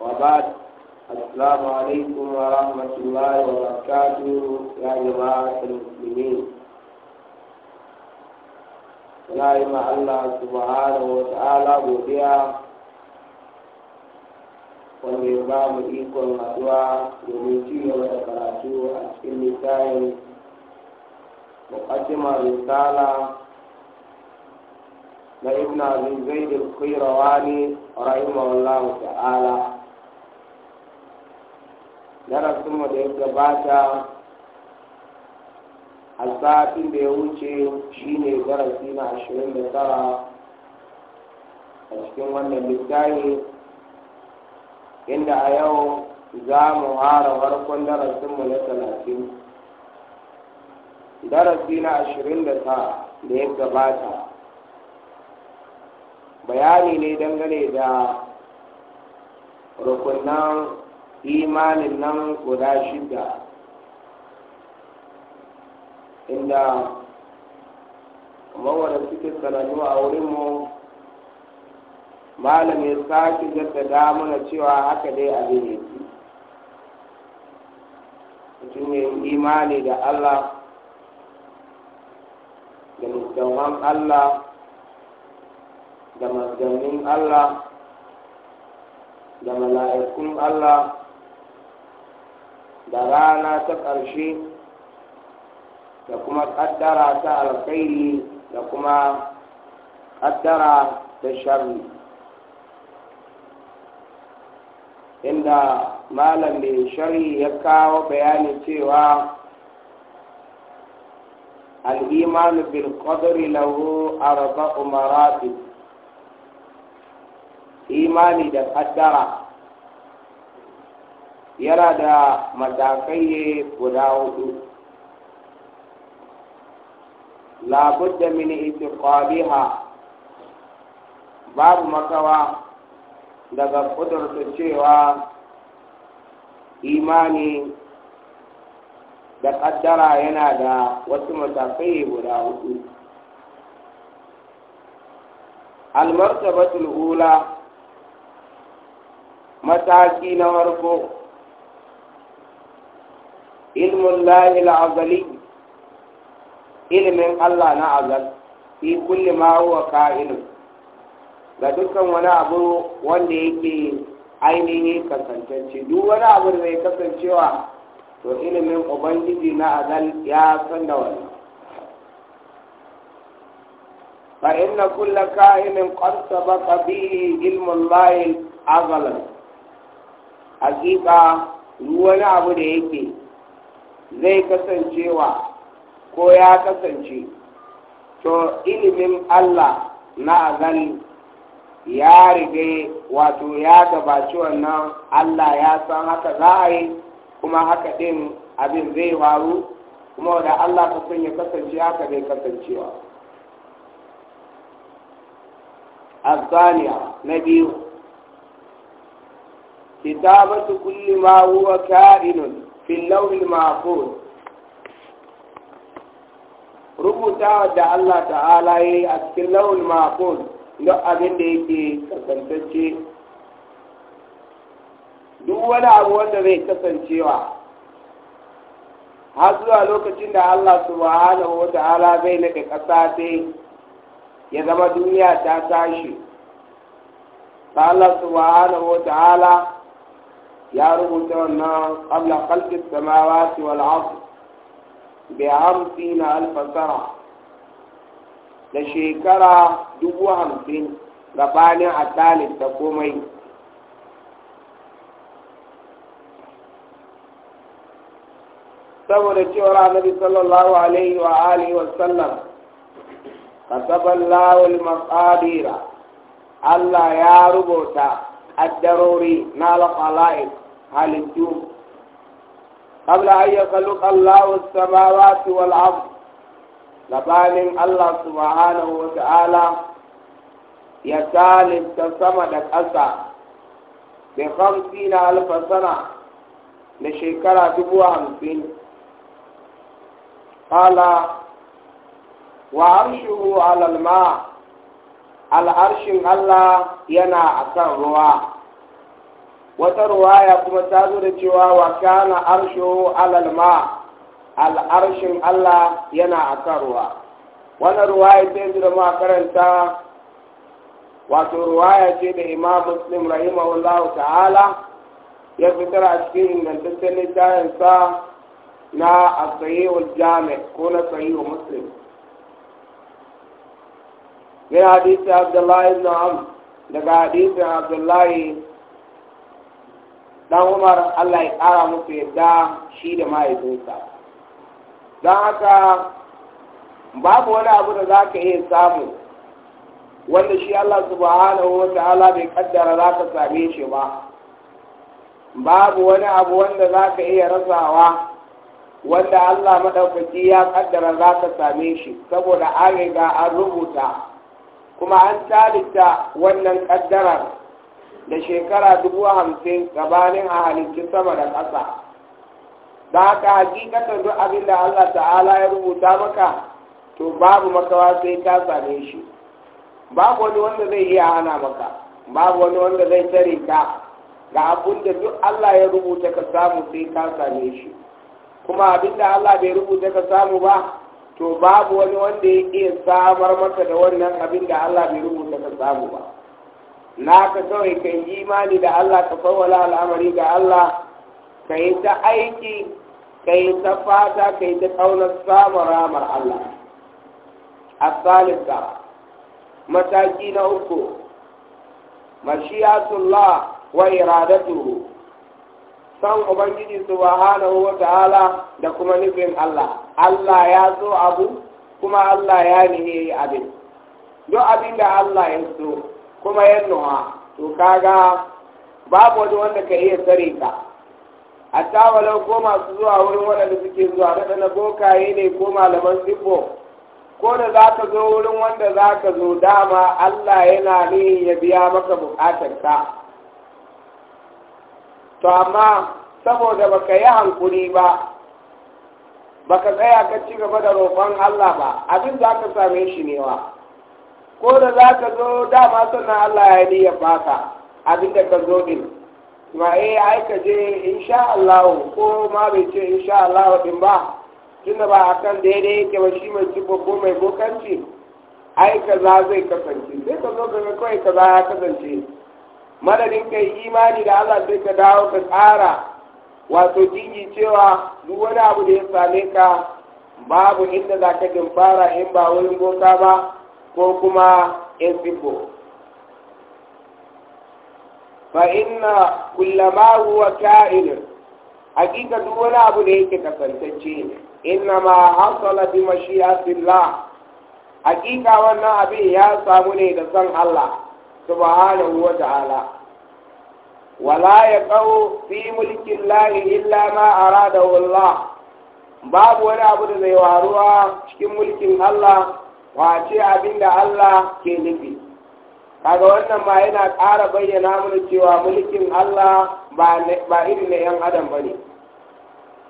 وبعد السلام عليكم ورحمة الله وبركاته يا جماعة المسلمين لا يما الله سبحانه وتعالى بوديا wanda ya ba mu ikon haɗuwa domin ci gaba da karatu a cikin littafin muqaddimar risala na ta'ala darasinmu da ya gabata a satin da ya wuce shine darasi na ashirin da tara a cikin wannan littafi inda a yau za mu hara farkon darasinmu na talatin darasi na ashirin da tara da ya gabata bayani ne dangane da rukunan imanin nan guda shida inda mawada suke sanannu a wurinmu malam ya sake jaddada mana cewa haka dai abin yake mutum ne imani da allah da musamman allah da manzannin allah da mala'ikun allah da rana ta ƙarshe da kuma ƙaddara ta alkhairi da kuma ƙaddara ta sharri inda malam mai shari ya kawo bayani cewa الإيمان بالقدر a أربع مراتب imani da قدره yana da matakai guda hudu labudda min itiqabiha babu makawa daga kudurta cewa imani da kaddara yana da wasu matakai guda hudu almartabatul ula mataki na farko ilmun lahil azali ilimin Allah na azal fi kulli ma huwa ka'inu ga dukkan wani abu wanda yake ainihi kasantacce duk wani abu da zai kasancewa to ilimin ubangiji na azal ya san da wani. fa inna kulla ka'inin qad sabaqa bihi ilmu Allah azalan hakika wani abu da yake zai kasancewa ko ya kasance to ilimin Allah na azali ya rige wato ya gabaci wannan Allah ya san haka za a yi kuma haka ɗin abin zai faru kuma da Allah ka san ya kasance haka bai kasancewa الثانية نبيه كتابة كل ما هو كائن fil da Allah ta'ala ya yi a cikin launin mahfuz duk abin da yake kasantacce duk wani abu wanda zai kasancewa har zuwa lokacin da Allah subhanahu wa ta'ala zai nade ƙasa sai ya zama duniya ta tashi ta Allah subhanahu wa ta'ala ya rubuta wannan qabla khalqi samawati wal ard bi hamsina alf sana da shekara dubu hamsin gabanin a talib da komai saboda cewar annabi sallallahu alaihi wa alihi wa sallam kasaballahu al-maqadira Allah ya rubuta الضروري مع الخلائق هل قبل أن يخلق الله السماوات والأرض لبالin Allah subhanahu wa ta'ala ya salinta sama da ƙasa Mai hamsi na alfasana na shekara dubu hamsin. Kala wa al'arshin Allah yana a kan ruwa wata ruwaya kuma ta zo da cewa wa kana arshu alalma al'arshin Allah yana a kan ruwa wani ruwaya ce da ma karanta wato ruwaya ce da imam muslim rahimahullahu ta'ala ya fitar a cikin ingantaccen littafinsa na asayewar jami ko na sahihu muslim min hadisi abdullahi ibn am daga hadisin abdullahi dan umar allah ya ƙara musu yadda shi da mahaifinsa don haka babu wani abu da za ka iya samu wanda shi allah subhanahu wa ta'ala bai kaddara za ka same shi ba babu wani abu wanda za ka iya rasawa wanda allah maɗaukaki ya kaddara za ka same shi saboda an riga an rubuta kuma an tsalita wannan ƙaddara da shekara dubu hamsin gabanin a halittu sama da ƙasa ka haka hakikatan duk abin da Allah ta'ala ya rubuta maka to babu makawa sai ka same shi babu wani wanda zai iya hana maka babu wani wanda zai tare ka ga abin da duk Allah ya rubuta ka samu sai ka same shi kuma abin da Allah bai rubuta ka samu ba to babu wani wanda ya iya samar maka da wannan abin da Allah bai rubuta ka samu ba na ka kawai ka yi imani da Allah ka fawwala al'amari ga Allah ka yi ta aiki ka yi ta fata ka yi ta ƙaunar samun ramar Allah a salisa mataki na uku mashiyatullah wa iradatuhu san ubangiji subhanahu wa ta'ala da kuma nufin Allah Allah ya so abu kuma Allah ya nihe abin duk abin da Allah ya so kuma ya nuha to kaga babu wani wanda ka iya tsare ka a tawalau ko masu zuwa wurin waɗanda suke zuwa na na bokaye ne ko malaman sifo ko da za ka zo wurin wanda za ka zo dama Allah yana ne ya biya maka ka to amma saboda baka yi hankuri ba baka tsaya ka ci gaba da roƙon Allah ba abin za ka same shi ne wa ko da za ka zo dama sannan Allah ya yi ya baka abin da ka zo din ma eh ai ka je insha Allah ko ma bai ce insha Allah din ba tunda ba akan daidai yake ba shi mai ci ko mai bokanci ai kaza zai kasance sai ka zo ga kai kaza ya kasance madadin kai imani da Allah zai ka dawo ka tsara wato jingi cewa duk wani abu da ya same ka babu inda za ka fara in ba wurin boka ba ko kuma in sifo fa inna kullama huwa ka'il hakika duk wani abu da yake kasantacce inna ma hasala bi mashi'atillah hakika wannan abin ya samu ne da san Allah subhanahu wa ta'ala wala yaqau fi mulki llahi illa ma aradahu Allah babu wani abu da zai waruwa cikin mulkin Allah wace abinda Allah ke nufi kaga wannan ma yana ƙara bayyana mana cewa mulkin Allah ba irin na 'yan adam bane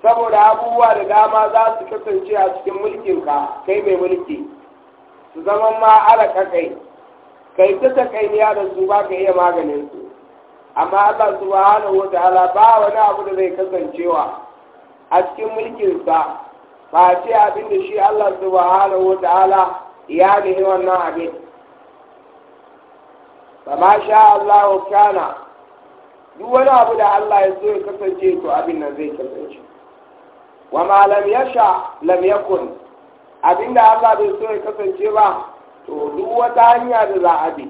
saboda abubuwa da dama za su kasance a cikin mulkinka kai mai mulki su zama ma alaƙa kai kai ta takainiya da su ba ka iya maganin su amma Allah subhanahu wa ta'ala ba wani abu da zai kasancewa a cikin mulkin sa. ba ce abin da shi Allah subhanahu wa ta'ala ya nihi wannan abin kama sha Allah wa kana duk wani abu da Allah ya so ya kasance to abin nan zai kasance wa ma lam yasha lam yakun abin da Allah bai so ya kasance ba to duk wata hanya da za a bi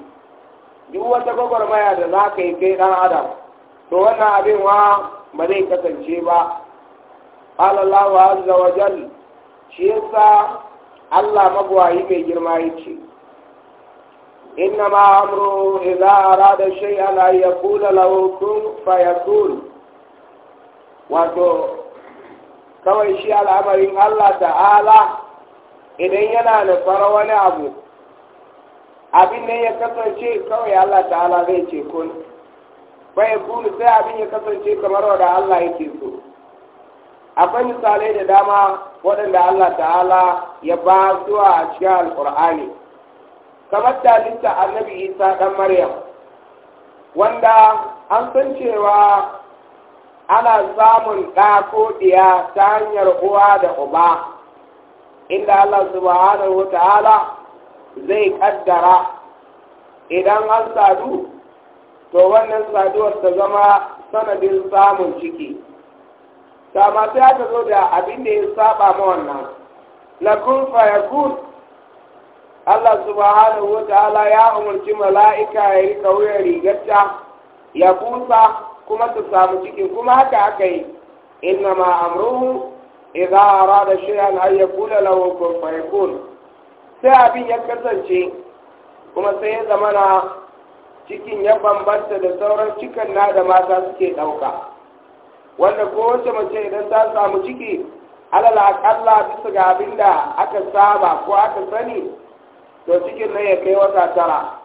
duk wata gwagwarmaya da za ka yi kai ɗan adam to wannan abin wa ba zai kasance ba Allah wa azza wa jal shi yasa Allah magwayi mai girma yace inna ma amru idza arada shay'an ay yaqula lahu kun fayakun wato kawai shi al'amarin Allah ta'ala idan yana fara wani abu abin ne ya kasance kawai Allah ta'ala zai ce kun bai kuni sai abin ya kasance kamar wanda Allah yake so akwai misalai da dama waɗanda Allah ta'ala ya ba zuwa a cikin alƙur'ani kamar talita annabi isa ɗan maryam wanda an san cewa ana samun ɗa ko ɗiya ta hanyar uwa da uba inda Allah subhanahu wa ta'ala zai kaddara idan an sadu to wannan saduwar ta zama sanadin samun ciki ta masu ya zo da abin da ya saba ma wannan ya fayakun Allah subhanahu wa ta'ala ya umarci mala'ika ya yi kauyen rigarta ya kusa kuma ta samu ciki kuma haka aka yi inna ma amruhu idza arada shay'an ay yaqula lahu kun sai abin ya kasance kuma sai ya zama na cikin ya bambanta da sauran cikan na da mata suke ɗauka wanda kowace mace idan ta samu ciki alal akalla bisa ga abin da aka saba ko aka sani to cikin nan ya kai wata tara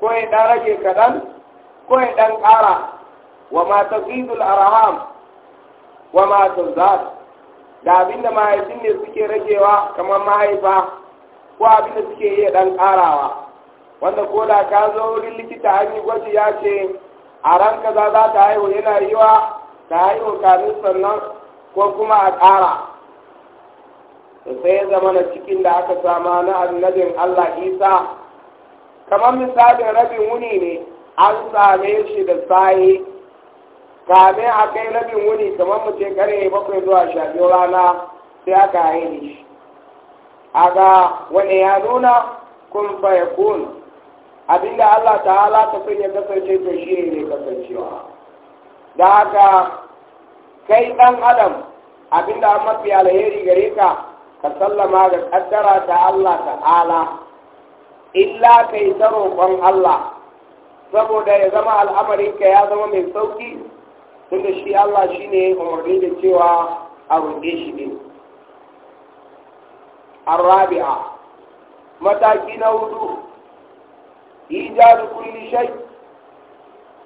ko ya ɗan rage kaɗan ko ya ɗan ƙara wa mata taqidul araham wa mata tazad da abin da mahaifin ne suke ragewa kamar mahaifa ko abin da suke iya dan karawa wanda ko da ka zo wurin likita an yi gwaji ya ce a ran kaza za ta haihu yana yiwa ta haihu kamin sannan ko kuma a ƙara sai ya zama na cikin da aka sama na annabin Allah Isa kamar misalin rabin wuni ne an same shi da sayi kame a kai rabin wuni kamar mu ce kare bakwai zuwa sha biyu rana sai aka haihu shi kaga wani ya nuna kun fa yakun abinda Allah ta'ala ta so ya kasance to shi ne kasancewa da haka kai ɗan adam abinda an mafi alheri gare ka ka sallama ga kaddara ta Allah ta'ala illa kai ta roƙon Allah saboda ya zama al'amarinka ya zama mai sauki tunda shi Allah shine umarni da cewa a roƙe shi ne الرابعة متاكين ودو إيجاد كل شيء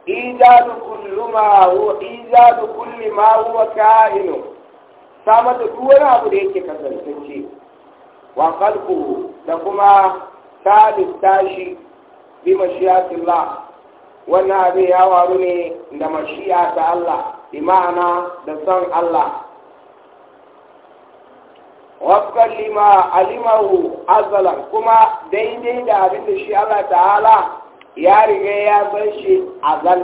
إيجاد كل ما هو إيجاد كل ما هو كائن samar da duk abu da yake kasantacce wa kalku da kuma talista shi bi mashiyatillah wannan abin ya waru ne da mashiya ta Allah imana da son Allah wafkan lima alimahu azalan kuma daidai da abin da shi Allah ta'ala ya riga ya san shi azal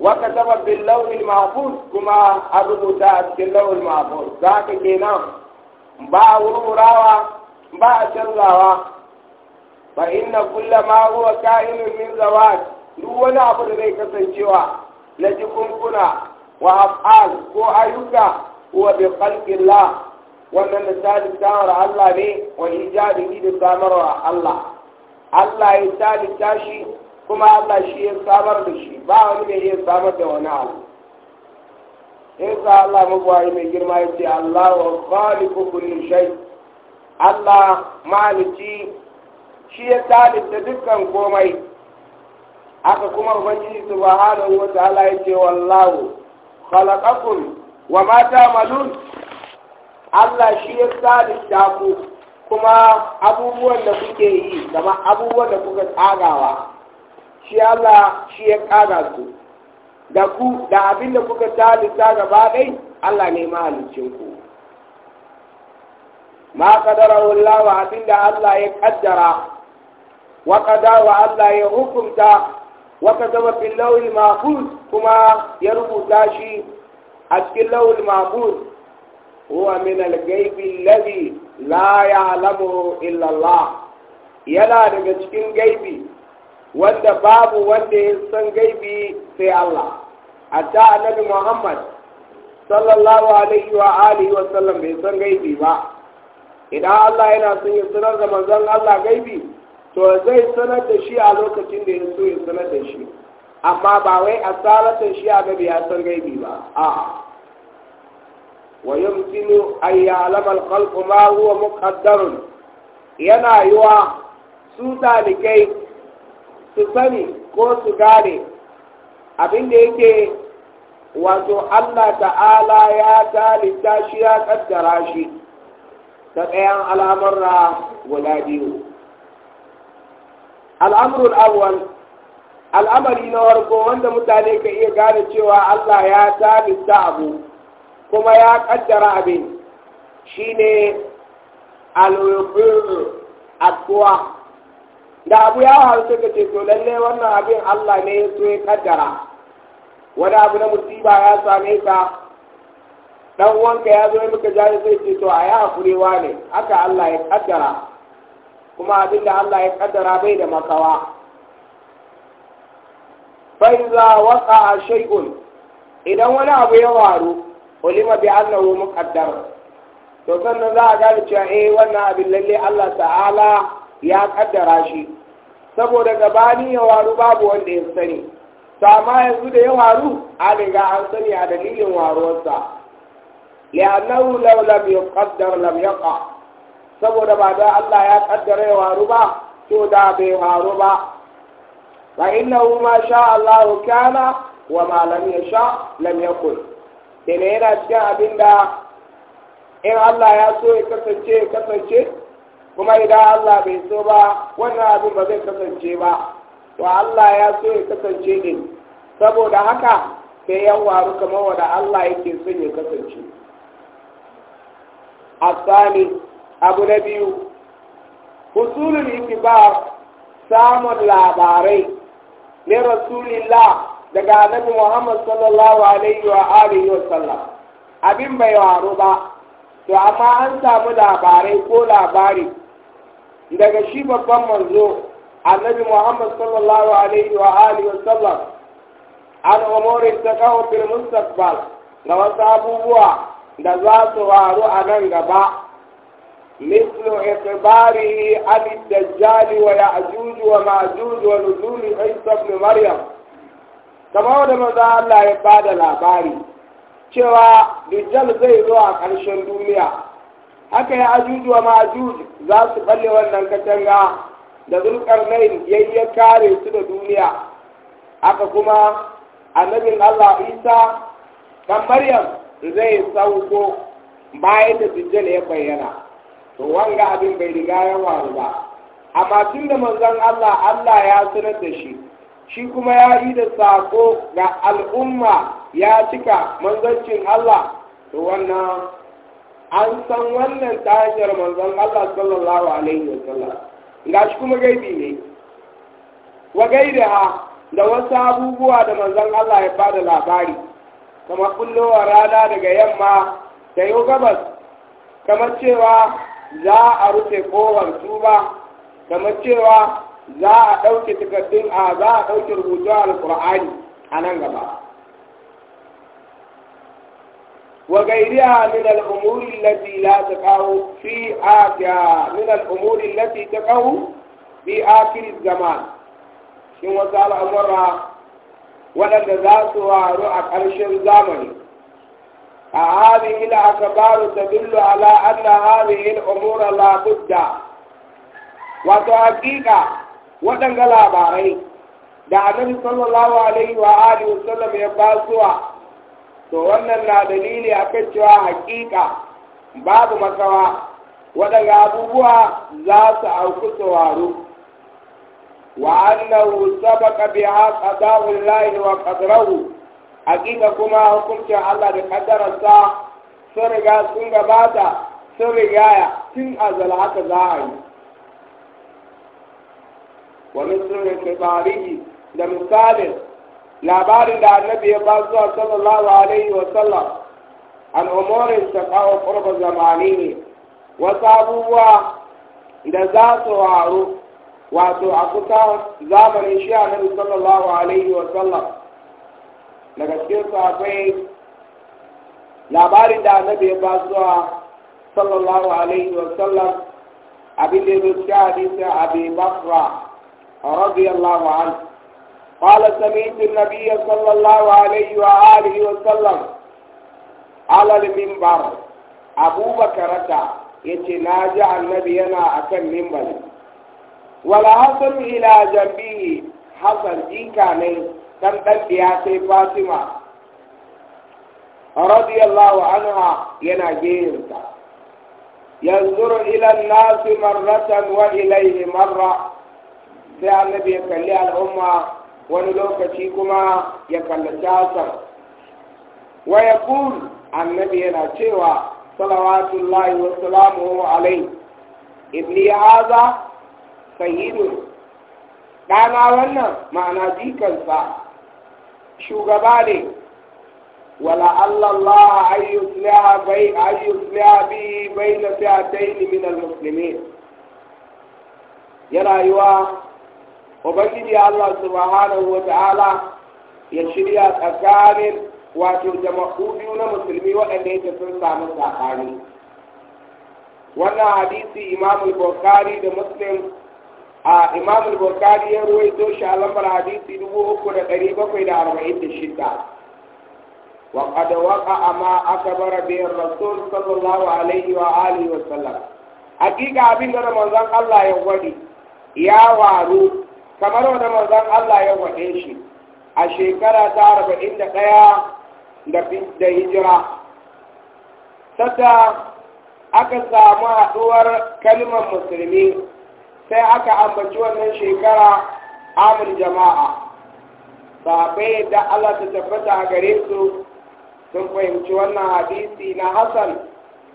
waka taba bin launin mahfuz kuma a rubuta a cikin launin mahfuz zaka kenan ba a wurwurawa ba a canzawa fa inna kulla ma huwa ka'inun min zawaj duk wani abu da zai kasancewa na jikunkuna wa af'al ko ayyuka huwa bi khalqillah wannan da salittawar Allah ne jari ne da samarwa Allah Allah ya salitta tashi kuma Allah shi ya samar da shi ba wani mai iya samar da wani abu sa Allah mabuwayi mai girma ya ce Allah wa kwali kulli shai Allah malici shi ya salitta dukkan komai haka kuma ubangiji subhanahu wata Allah ya ce wallahu khalaqakum wa ma malun Allah shi ya sadista ku kuma abubuwan da kuke yi zama abubuwan da kuka tsagawa shi Allah shi ya ƙara su da ku da abin da kuka sadista gaba dai Allah ne mahalicin ku ma kadara wa abin da Allah ya kaddara wa wa Allah ya hukunta wa kadaba fil lawil mahfuz kuma ya rubuta shi a cikin lawil mahfuz huwa min al-ghaibi alladhi la ya'lamuhu illa Allah yana daga cikin gaibi wanda babu wanda ya san gaibi sai Allah hatta annabi Muhammad sallallahu alaihi wa alihi wa sallam bai san gaibi ba idan Allah yana son ya sanar da manzon Allah gaibi to zai sanar da shi a lokacin da ya so ya sanar da shi amma ba wai a salatin shi a gabi ya san gaibi ba a'a ويمكن أن يعلم الخلق ما هو مقدر yana yiwa su talikai su sani ko su gane abinda yake wato Allah ta'ala ya talita shi ya kaddara shi ta ɗayan al'amurra guda biyu al'amurul awwal al'amari na warko wanda mutane ka iya gane cewa Allah ya talita abu kuma ya kaddara abin shi ne birr da abu ya haru suka ceto to lalle wannan abin Allah ne ya so ya kaddara wani abu na musiba ya same ka dan wanka ya zo muka jari zai ce to a ya hakurewa ne haka Allah ya kaddara kuma abin da Allah ya kaddara bai da makawa fa iza a shay'un idan wani abu ya waru ulima bi annahu muqaddar to sannan za a gane cewa eh wannan abin lalle Allah ta'ala ya kaddara shi saboda gabani ya waru babu wanda ya sani to amma yanzu da ya waru an riga an sani a dalilin waruwarsa li'annahu law lam yuqaddar lam yaqa saboda ba da Allah ya kaddara ya waru ba to da bai waru ba fa innahu ma sha Allah kana wa ma lam yasha lam yakun kenan yana cikin abin da in Allah ya so ya kasance ya kasance kuma idan Allah bai so ba wannan abin ba zai kasance ba to Allah ya so ya kasance ne saboda haka sai ya waru kamar wanda Allah yake so ya kasance asali abu na biyu husulul ikibar samun labarai ne rasulillah daga annabi Muhammad sallallahu alaihi wa alihi wa sallam abin bai waru ba to amma an samu labarai ko labari daga shi babban manzo annabi Muhammad sallallahu alaihi wa alihi wa sallam an umuri kawo fil mustaqbal ga wasu abubuwa da za su waru a nan gaba مثل إخباره عن الدجال ويأجوج ومأجوج ونزول عيسى ابن مريم kamar da maza Allah ya ba da labari cewa dijjal zai zo a ƙarshen duniya haka ya ajuju wa majuj za su balle wannan katanga da zulkarnain yayye kare su da duniya haka kuma annabin Allah Isa kan Maryam zai sauko bayan da dijjal ya bayyana to wanga abin bai riga ya waru ba amma tun da manzon Allah Allah ya sanar da shi shi kuma ya yi da sako ga al'umma ya cika manzancin Allah da wannan an san wannan ta manzan manzon Allah sallallahu alaihi wasallam ga shi kuma gaibi ne wa ha da wasu abubuwa da manzan Allah ya bada labari kamar kullowa rana daga yamma da yau gabas kamar cewa za a rufe kowar tuba kamar cewa za a ɗauke takardun a za a ɗauke rubutu alƙur'ani a nan gaba wa a min al'umuri lati la ta kawo fi aka min al'umuri lati ta kawo fi kiri zama shin wasu al'amura waɗanda za su waru a ƙarshen zamani a ila a al'akabaru ta dillu ala anna hadihi yin la wato hakika waɗanga labarai da annabi sallallahu alaihi wa alihi wasallam ya basuwa to wannan na dalili akan cewa haƙiƙa. babu makawa waɗanga abubuwa za su auku sauraro wa annahu sabaqa biha qada'u llahi wa qadrahu hakika kuma hukuncin Allah da kaddararsa sun riga sun gabata sun rigaya tun azal haka za a yi wa mislin kibarihi da misalin labarin da annabi ya ba zuwa sallallahu alaihi wa sallam an ta zamani ne wasu abubuwa da za su waru wato a kusa zamanin shi annabi sallallahu alaihi wa sallam daga cikin akwai labarin da annabi ya ba zuwa sallallahu alaihi wa sallam abin da ya zo cikin رضي الله عنه قال سمعت النبي صلى الله عليه وآله وسلم على المنبر أبو بكر يتناجع النبي أنا أكن منبر ولا حصل إلى جنبه حصل إن ني دم دم فاطمة رضي الله عنها يناجيه ينظر إلى الناس مرة وإليه مرة sai annabi ya kalli al'umma wani lokaci kuma ya kallaci hasan wa ya annabi yana cewa salawatullahi wa salamu alai ibni haza sayyidun ɗana wannan ma'ana jikansa shugaba ne wala Allah an yusliha bai bi bai na fi'atayn min al-muslimin yana yiwa ubangiji Allah subhanahu wa ta'ala ya shirya tsakanin wato jama'u biyu na musulmi waɗanda yake sun samu tsakani wannan hadisi imam al-bukhari da muslim a imam al-bukhari ya ruwaito shi a lamar hadisi dubu uku da da da bakwai arba'in 3746 wa qad waqa'a ma akbara bi rasul sallallahu alaihi wa alihi wa sallam hakika abin da manzon Allah ya gwadi ya waru kamar wanda manzan Allah ya wade shi a shekara ta arba'in da ɗaya da hijira sadda aka samu haɗuwar kalmar musulmi sai aka ambaci wannan shekara amur jama'a sahabai da Allah ta tabbata a gare su sun fahimci wannan hadisi na Hassan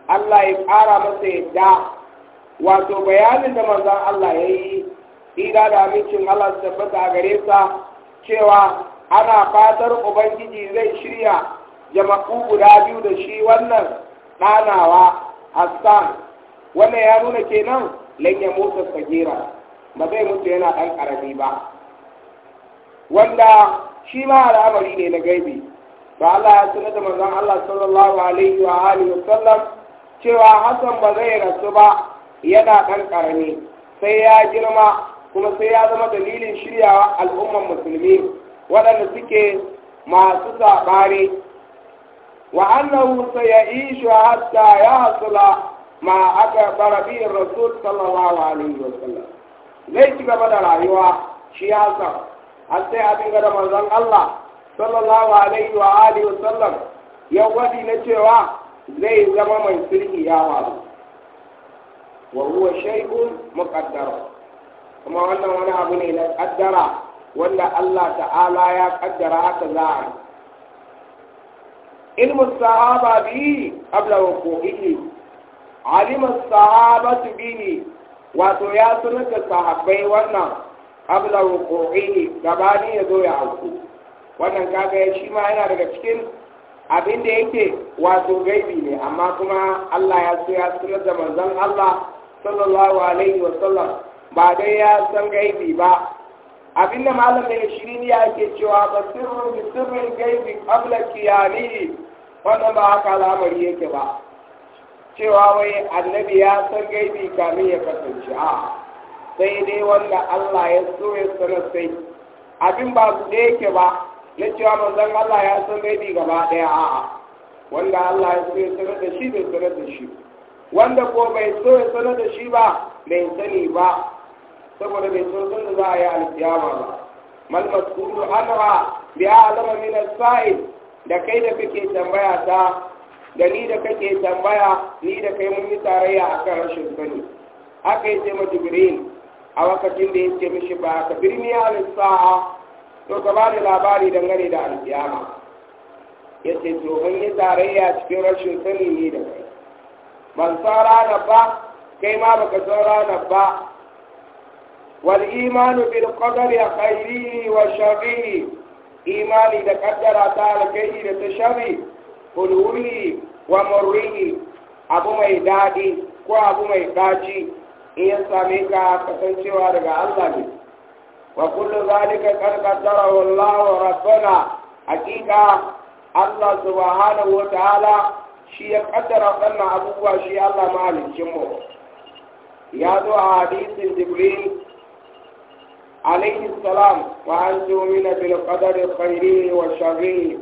Allah ya ƙara masa yadda wato bayanin da manzan Allah ya yi tsira da amincin Allah su tabbata a gare sa cewa ana fatar ubangiji zai shirya jama'u guda biyu da shi wannan ɗanawa hassan wannan ya nuna kenan lan ya motsa sagira ba zai mutu yana ɗan ƙarami ba wanda shi ma al'amari ne na gaibi ba Allah ya sanar da manzon Allah sallallahu alaihi wa alihi wa sallam cewa Hassan ba zai rasu ba yana ɗan ƙarami sai ya girma kuma sai ya zama dalilin shiryawa al'umman musulmi waɗanda suke masu saɓari wa annahu ya hatta yahsula ma aka bara bihi rasul sallallahu alaihi wa sallam zai ci gaba da rayuwa shi ya sa har sai abin ga Allah sallallahu alaihi wa alihi wa sallam ya wadi na cewa zai zama mai sirri ya wasu wa huwa shay'un kuma wannan wani abu ne na kaddara wanda Allah ta'ala ya kaddara haka za a yi ilmu sahaba bi abla sahaba su bi ne wato ya sanar da sahabai wannan abla gaba gabani ya zo ya hauku wannan kaga shi ma yana daga cikin abin da yake wato gaibi ne amma kuma Allah ya so ya sanar da manzon Allah sallallahu alaihi wa sallam ba dai ya san gaibi ba abinda malam mai shiri ne ke cewa ba sirrin bi sirrin gaibi qabla qiyamihi wannan ba haka al'amari yake ba cewa wai annabi ya san gaibi kamin ya kasance a sai dai wanda Allah ya so ya sanar sai abin ba su da yake ba na cewa manzon Allah ya san gaibi gaba daya a wanda Allah ya so ya sanar da shi bai sanar da shi wanda ko bai so ya sanar da shi ba bai sani ba saboda bai san da za a yi alkiyama ba mal masulu anha bi a'lama min as da kai da kake tambaya ta da ni da kake tambaya ni da kai mun yi tarayya akan rashin sani haka yace ma jibril a lokacin da ya ce mishi ba ka birni al-sa'a to ka ba da labari dangane da alkiyama ce to mun yi tarayya cikin rashin sani ni da kai ban san ranar ba kai ma baka san ranar ba والإيمان بالقدر خيره وشره إيمان إذا قدر تعالى كيه دا تشري قلوله ومره أبو ميدادي كو أبو ميداجي إيه ساميكا كتنشوا وارغا الله وكل ذلك كان قدره الله ورسولا حقيقة الله سبحانه وتعالى شيء قدر kaddara wannan abubuwa الله Allah mahalicin mu ya zo a عليه السلام وأن تؤمن بالقدر خيره وشره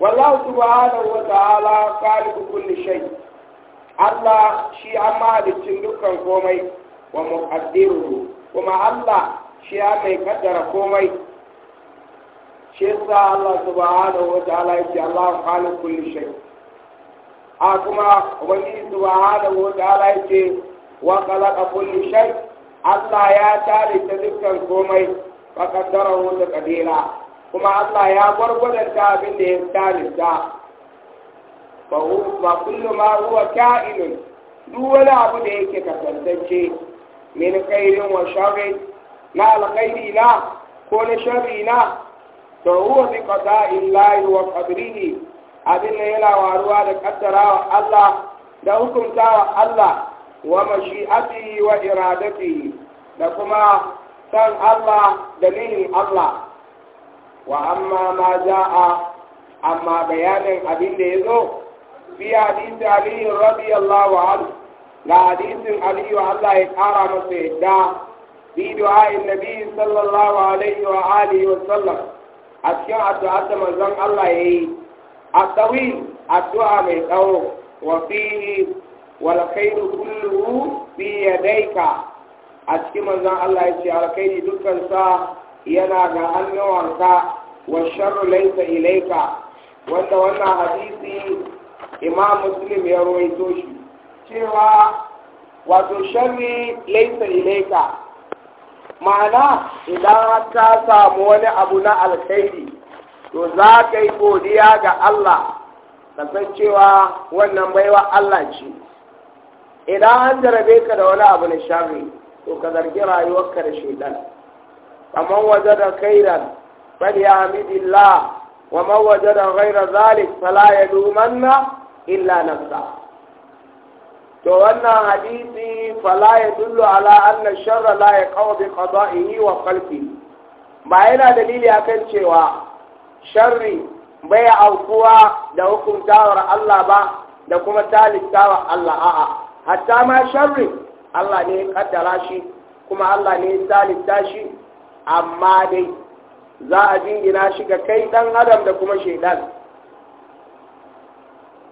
والله سبحانه وتعالى خالق كل شيء Allah shi an mahalicin dukkan komai wa muqaddiruhu kuma Allah shi ya mai kaddara komai shi yasa Allah subhanahu wa ta'ala yake Allah khaliq kulli shay a kuma ubangiji Allah ya tare ta dukkan komai fa wata taqdira kuma Allah ya gwargwadanta abin da ya tsarinta Ba huwa kullu ma huwa ka'inun duk wani abu da yake kasantacce min khairin wa sharri na alkhairi na ko na sharri na to huwa bi qada'i llahi wa qadrihi abin da yana waruwa da kaddarawa Allah da hukuntawa Allah wa mashi'atihi wa iradatihi da kuma san Allah da nihin Allah wa amma ma ja'a amma bayanin abin da ya zo fi hadisi Ali radiyallahu anhu ga hadisin Ali wa ya kara masa yadda fi du'a'in nabi sallallahu alaihi wa alihi wa sallam a cikin addu'a da manzon Allah yayi a addu'a mai tsawo wa walkairu kulluhu bi yadaika a cikin manzon Allah ya ce alkhairi dukkan sa yana ga hannuwanka wa sharru laysa ilaika wanda wannan hadisi imam muslim ya rawaito shi cewa wato sharri laysa ilaika ma'ana idan ka samu wani abu na alkhairi to za ka yi godiya ga Allah kasancewa wannan baiwa Allah ce idan an jarabe ka da wani abu na sharri to ka zargi rayuwar ka da shaitan amma waje da kairan bal ya hamidillah wa man waje da ghaira zalik fala ya dumanna illa nafsa to wannan hadisi fala ya ala anna sharra la yaqaw bi qada'ihi wa khalqihi ba yana dalili akan cewa sharri bai aukuwa da hukuntawar Allah ba da kuma talittawar Allah a'a hatta ma sharri Allah ne ya kaddara shi kuma Allah ne ya zalunta shi amma dai za a jingina shi ga kai dan adam da kuma shaidan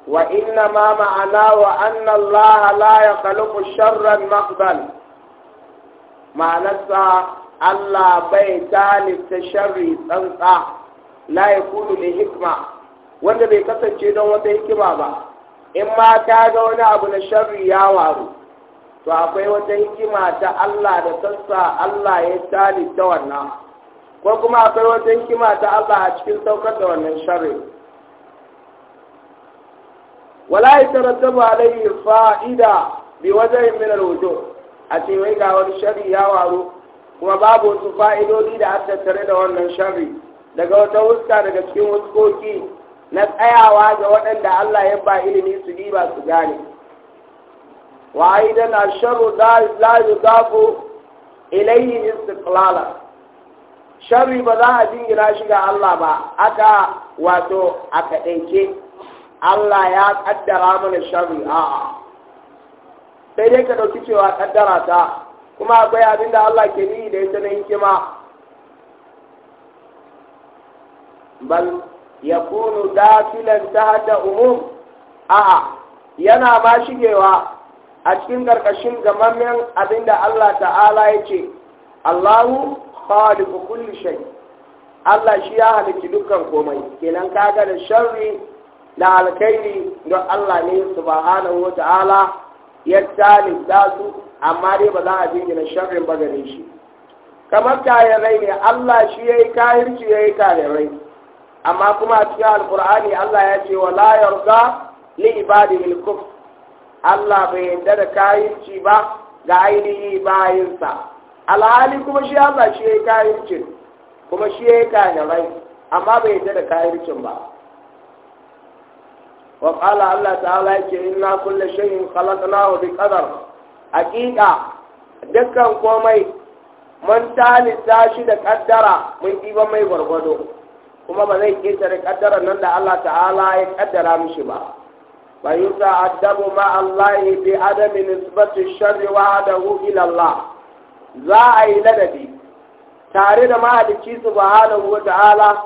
wa inna ma ma'ana wa anna Allah la yakhluqu sharran maqdan sa Allah bai talibta sharri tsantsa la yakunu li hikma wanda bai kasance don wata hikima ba in ma ka ga wani abu na sharri ya waru to akwai wata hikima ta Allah da sassa Allah ya tali ta wannan ko kuma akwai wata hikima ta Allah a cikin saukar da wannan sharri wala yatarattabu alayhi fa'ida bi wajhi min alwujuh a ce wai ga wani sharri ya waru kuma babu wasu fa'idodi da aka tattare da wannan sharri daga wata huska daga cikin huskoki na tsayawa ga waɗanda Allah ya ba ilimi su diba su gane wa idan asharu la yudafu ilayhi istiqlala sharri ba za a jingina shi ga Allah ba aka wato a kaɗaice Allah ya ƙaddara mana sharri a sai dai ka ɗauki cewa ƙaddara ta kuma akwai abin da Allah ke yi da ita na hikima yakunu dafilan tahta umum a'a yana ba shigewa a cikin ƙarƙashin gamammen abinda Allah ta'ala yace Allahu khaliqu kulli shay Allah shi ya halicci dukkan komai kenan kaga da sharri da alkhairi don Allah ne subhanahu ta'ala ya talibta dasu amma dai ba za a na sharrin ba gare shi kamar kayarai ne Allah shi yayi kahirci yayi kayarai amma kuma a cikin alkur'ani Allah ya ce wa la yarda ni ibadi milkuf Allah bai yarda da kayanci ba ga ainihi bayinsa alhali kuma shi Allah shi ya kayincin kuma shi ya yi kayanarai amma bai yarda da kayincin ba wa kala Allah ta'ala yake inna na shay'in khalaqnahu bi qadar haqiqa dukkan komai mun talita shi da kaddara mun diba mai gwargwado kuma ba zai da ƙaddarar nan da Allah ta'ala ya kaddara mishi ba fa Adabu ma Allah bi adami nisbatu sharri wa adahu ila Allah za a yi ladabi tare da mahalicci subhanahu wa ta'ala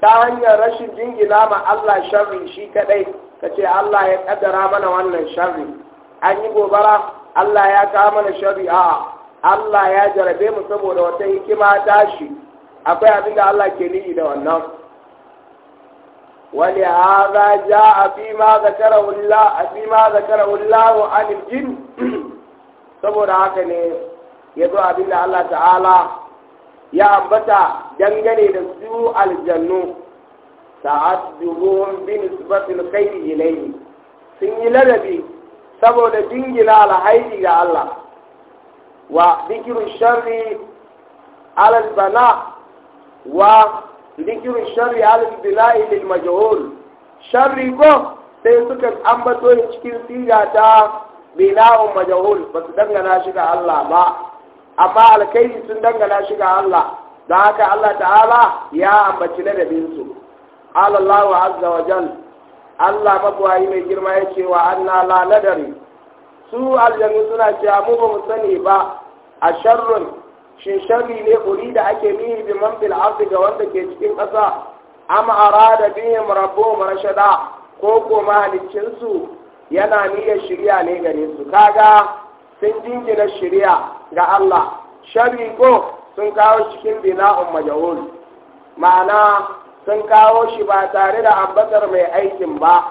ta hanyar rashin jingina ma Allah sharri shi kadai kace Allah ya ƙaddara mana wannan sharri an yi gobara Allah ya kawo mana sharri a Allah ya jarabe mu saboda wata hikima ta shi. akwai abin da Allah ke nihi da wannan wani haza ja a fi ma zakara wula a fi ma zakara wula wa alif jin saboda haka ne ya zo abin da Allah ta'ala ya ambata dangane da su aljannu ta'adduhum bi kai khairi ilayhi sun yi ladabi saboda dingina alhaidi ga Allah wa dhikru sharri alal bana وذكر الشر على البلاء للمجهول شر ko sai suka ambato cikin siga ta bila'un majahul ba su dangana shi ga Allah ba amma alkairi sun dangana shi ga Allah don haka Allah ta'ala ya ambaci ladabinsu Allah azza wa jal Allah mabuwayi mai girma ya cewa wa anna la ladari su aljanu suna cewa mu ba mu sani ba a sharrin. shi sharri ne uri da ake nihi bi man ardi ga wanda ke cikin ƙasa am arada bihim rabbu marshada ko ko malikin su yana niyyar shirya ne gare su kaga sun jingina shirya ga Allah sharri ko sun kawo cikin bina'un majahul ma'ana sun kawo shi ba tare da ambatar mai aikin ba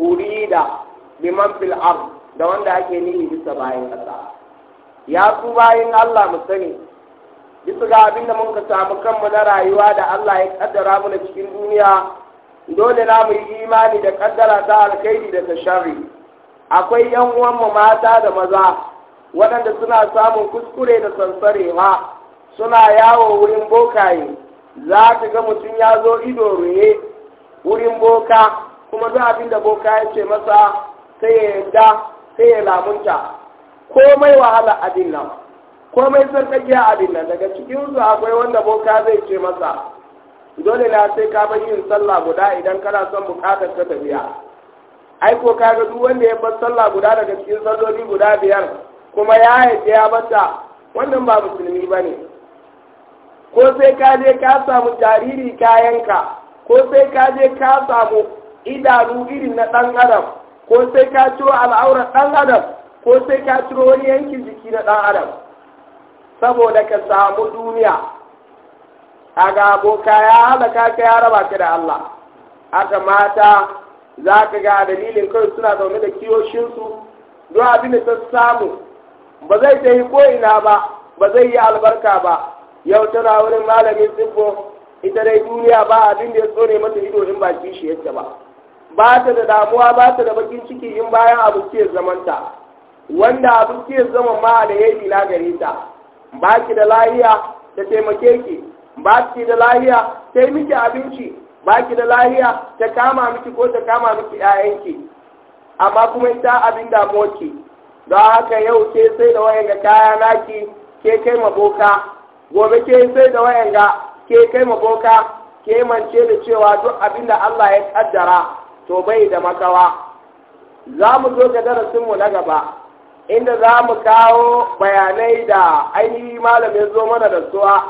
urida biman fil ardi da wanda ake nihi bisa bayan ƙasa ya su bayin Allah mu bisa ga abin da muka samu kanmu na rayuwa da Allah ya kaddara mu cikin duniya dole na mu yi imani da kaddara ta alkhairi da ta sharri akwai yan uwan mu mata da maza waɗanda suna samun kuskure da sansarewa suna yawo wurin bokaye za ka ga mutum ya zo ido ruye wurin boka kuma duk abin da boka ya ce masa sai ya yarda sai ya lamunta komai wahala abin nan komai sun tsakiya abin nan daga cikinsu akwai wanda boka zai ce masa dole na sai ka bar yin sallah guda idan kana son bukatar ta tafiya ai ko ga duk wanda ya bar sallah guda daga cikin salloli guda biyar kuma ya haife ya bata wannan ba musulmi ba ne ko sai ka je ka samu jariri kayanka ko sai ka je ka samu idanu irin na ɗan adam ko sai ka ciro al'aurar ɗan adam ko sai ka ciro wani yankin jiki na ɗan adam saboda ka samu duniya a ga aboka ya halaka ka ya raba ka da Allah haka mata za ka ga dalilin kai suna zaune da kiyoshinsu don abin da ta samu ba zai ta yi ko'ina ba ba zai yi albarka ba yau tana wurin malamin tsibbo ita dai duniya ba abin da ya tsone mata ido in ba shi yadda ba ba ta da damuwa ba ta da bakin ciki in bayan abu ke zamanta wanda abu ke zama ma da yayi na gare ta ba ki da lahiya ta taimake ki ba ki da lahiya ta yi miki abinci ba ki da lahiya ta kama miki ko ta kama miki 'ya'yanki amma kuma ita abin da ki don haka yau ke sai da wayan ga kaya naki ke kai maboka gobe ke sai da wayan ga ke kai maboka ke mance da cewa duk abin da Allah ya kaddara to bai da makawa za mu zo ga darasinmu na gaba inda za mu kawo bayanai da ainihi ya zo mana da suwa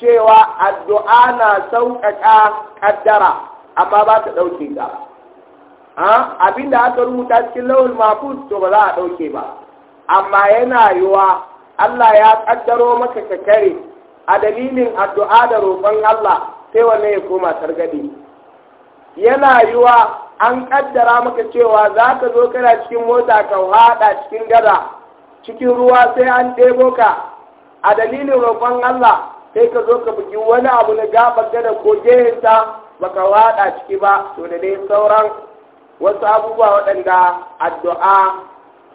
cewa addu'a na sauƙaƙa ƙaddara amma ba ta ɗauke ta abin da aka rubuta cikin lawul mafus to ba za a ɗauke ba amma yana yiwa Allah ya ƙaddaro maka ka kare a dalilin addu'a da roƙon Allah sai wanne ya koma targadi yana yiwa an kaddara maka cewa za ka zo kana cikin mota ka haɗa cikin gada cikin ruwa sai an ɗebo ka a dalilin roƙon Allah sai ka zo ka bugi wani abu na gabar gada ko ba baka haɗa ciki ba to da dai sauran wasu abubuwa waɗanda addu'a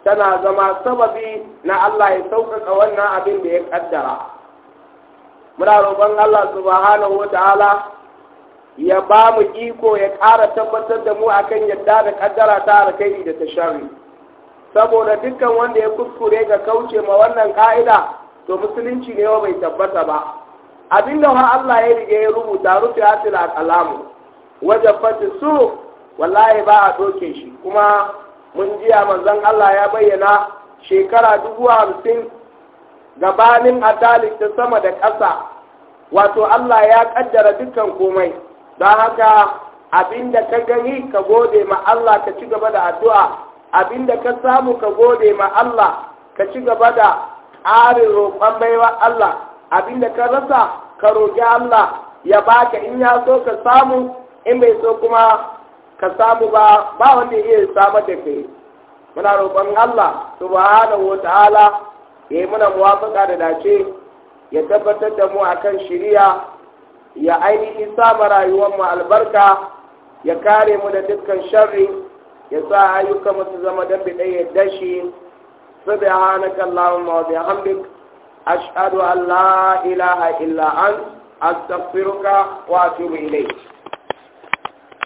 tana zama sababi na Allah ya sauƙaƙa wannan abin da ya kaddara muna roƙon Allah subhanahu wa ta'ala ya ba mu iko ya ƙara tabbatar da mu akan yadda da ƙaddara ta alkhairi da ta shari saboda dukkan wanda ya kuskure ga kauce ma wannan ka'ida to musulunci ne bai tabbata ba abinda har Allah ya rige ya rubuta rufe asil alamu wajen fata su wallahi ba a doke shi kuma mun jiya manzon Allah ya bayyana shekara dubu hamsin gabanin adalik ta sama da ƙasa wato Allah ya ƙaddara dukkan komai don haka abinda ka gani ka gode ma Allah ka ci gaba da addu'a abinda ka samu ka gode ma Allah ka ci gaba da ƙarin roƙon baiwa Allah abinda ka rasa ka roƙi Allah ya baka in ya so ka samu in bai so kuma ka samu ba ba wanda ya iya samar da kai muna roƙon Allah subhanahu wa ta'ala ya yi muna muwafaƙa da dace ya tabbatar da mu akan shirya ya ainihin sama rayuwar mu albarka ya kare mu da dukkan sharri ya sa ayyukan su zama dambe ɗaya ya dashi subhanaka allahumma wa bihamdik ashhadu an la ilaha illa anta astaghfiruka wa atubu ilayk